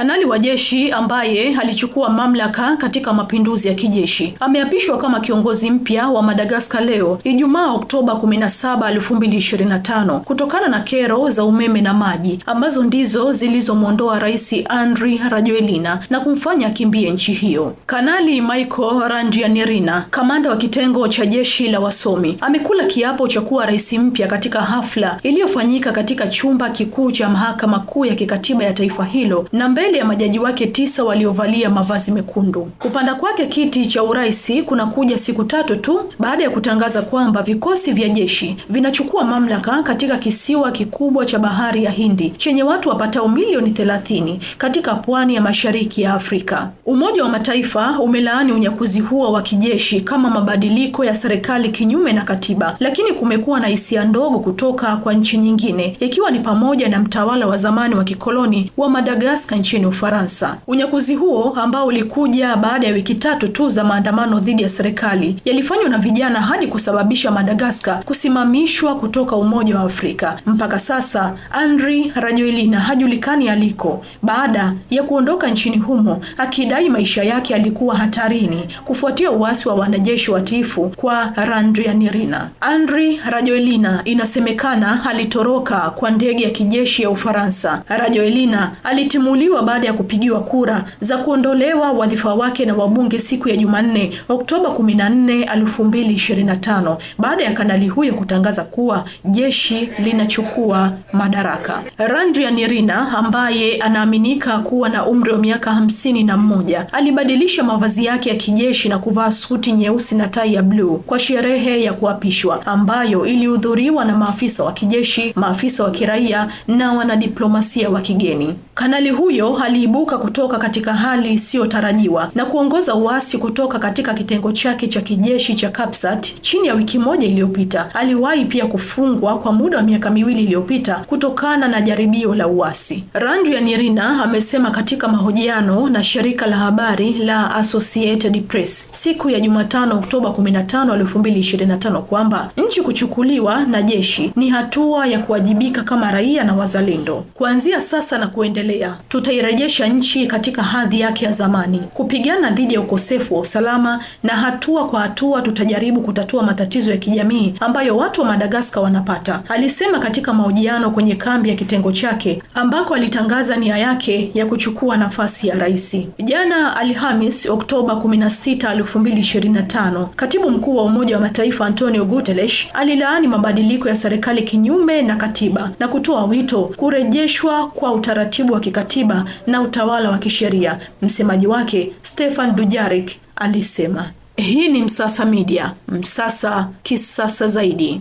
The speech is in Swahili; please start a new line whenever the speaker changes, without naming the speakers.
Kanali wa jeshi ambaye alichukua mamlaka katika mapinduzi ya kijeshi ameapishwa kama kiongozi mpya wa Madagascar leo Ijumaa Oktoba 17, 2025 kutokana na kero za umeme na maji ambazo ndizo zilizomwondoa Rais Andry Rajoelina na kumfanya akimbie nchi hiyo. Kanali Michael Randrianirina, kamanda wa kitengo cha jeshi la wasomi, amekula kiapo cha kuwa rais mpya katika hafla iliyofanyika katika chumba kikuu cha mahakama kuu ya kikatiba ya taifa hilo na mbele mbele ya majaji wake tisa waliovalia mavazi mekundu. Kupanda kwake kiti cha urais kunakuja siku tatu tu baada ya kutangaza kwamba vikosi vya jeshi vinachukua mamlaka katika kisiwa kikubwa cha bahari ya Hindi chenye watu wapatao milioni thelathini katika pwani ya mashariki ya Afrika. Umoja wa Mataifa umelaani unyakuzi huo wa kijeshi kama mabadiliko ya serikali kinyume na katiba, lakini kumekuwa na hisia ndogo kutoka kwa nchi nyingine, ikiwa ni pamoja na mtawala wa zamani wa kikoloni wa Madagaskar nchini nchini Ufaransa. Unyakuzi huo ambao ulikuja baada ya wiki tatu tu za maandamano dhidi ya serikali yalifanywa na vijana hadi kusababisha Madagaskar kusimamishwa kutoka Umoja wa Afrika. Mpaka sasa andri Rajoelina hajulikani aliko baada ya kuondoka nchini humo akidai maisha yake yalikuwa hatarini kufuatia uasi wa wanajeshi watiifu kwa Randrianirina. Andry Rajoelina inasemekana alitoroka kwa ndege ya kijeshi ya Ufaransa. Rajoelina alitimuliwa baada ya kupigiwa kura za kuondolewa wadhifa wake na wabunge siku ya Jumanne, Oktoba 14, 2025 baada ya kanali huyo kutangaza kuwa jeshi linachukua madaraka. Randrian Irina ambaye anaaminika kuwa na umri wa miaka hamsini na mmoja alibadilisha mavazi yake ya kijeshi na kuvaa suti nyeusi na tai ya bluu kwa sherehe ya kuapishwa ambayo ilihudhuriwa na maafisa wa kijeshi, maafisa wa kiraia na wanadiplomasia wa kigeni. Kanali huyo aliibuka kutoka katika hali isiyotarajiwa na kuongoza uasi kutoka katika kitengo chake cha kijeshi cha Kapsat chini ya wiki moja iliyopita. Aliwahi pia kufungwa kwa muda wa miaka miwili iliyopita kutokana na jaribio la uasi. Randrianirina amesema katika mahojiano na shirika la habari la Associated Press siku ya Jumatano Oktoba 15, 2025 kwamba nchi kuchukuliwa na jeshi ni hatua ya kuwajibika kama raia na wazalendo. Kuanzia sasa na kuendelea tuta kuirejesha nchi katika hadhi yake ya zamani, kupigana dhidi ya ukosefu wa usalama, na hatua kwa hatua tutajaribu kutatua matatizo ya kijamii ambayo watu wa Madagaskar wanapata, alisema katika mahojiano kwenye kambi ya kitengo chake ambako alitangaza nia yake ya kuchukua nafasi ya rais. Jana Alhamis, Oktoba 16, 2025, katibu mkuu wa Umoja wa Mataifa Antonio Guterres alilaani mabadiliko ya serikali kinyume na katiba na kutoa wito kurejeshwa kwa utaratibu wa kikatiba na utawala wa kisheria, msemaji wake Stefan dujarik alisema. Hii ni Msasa Media, Msasa kisasa zaidi.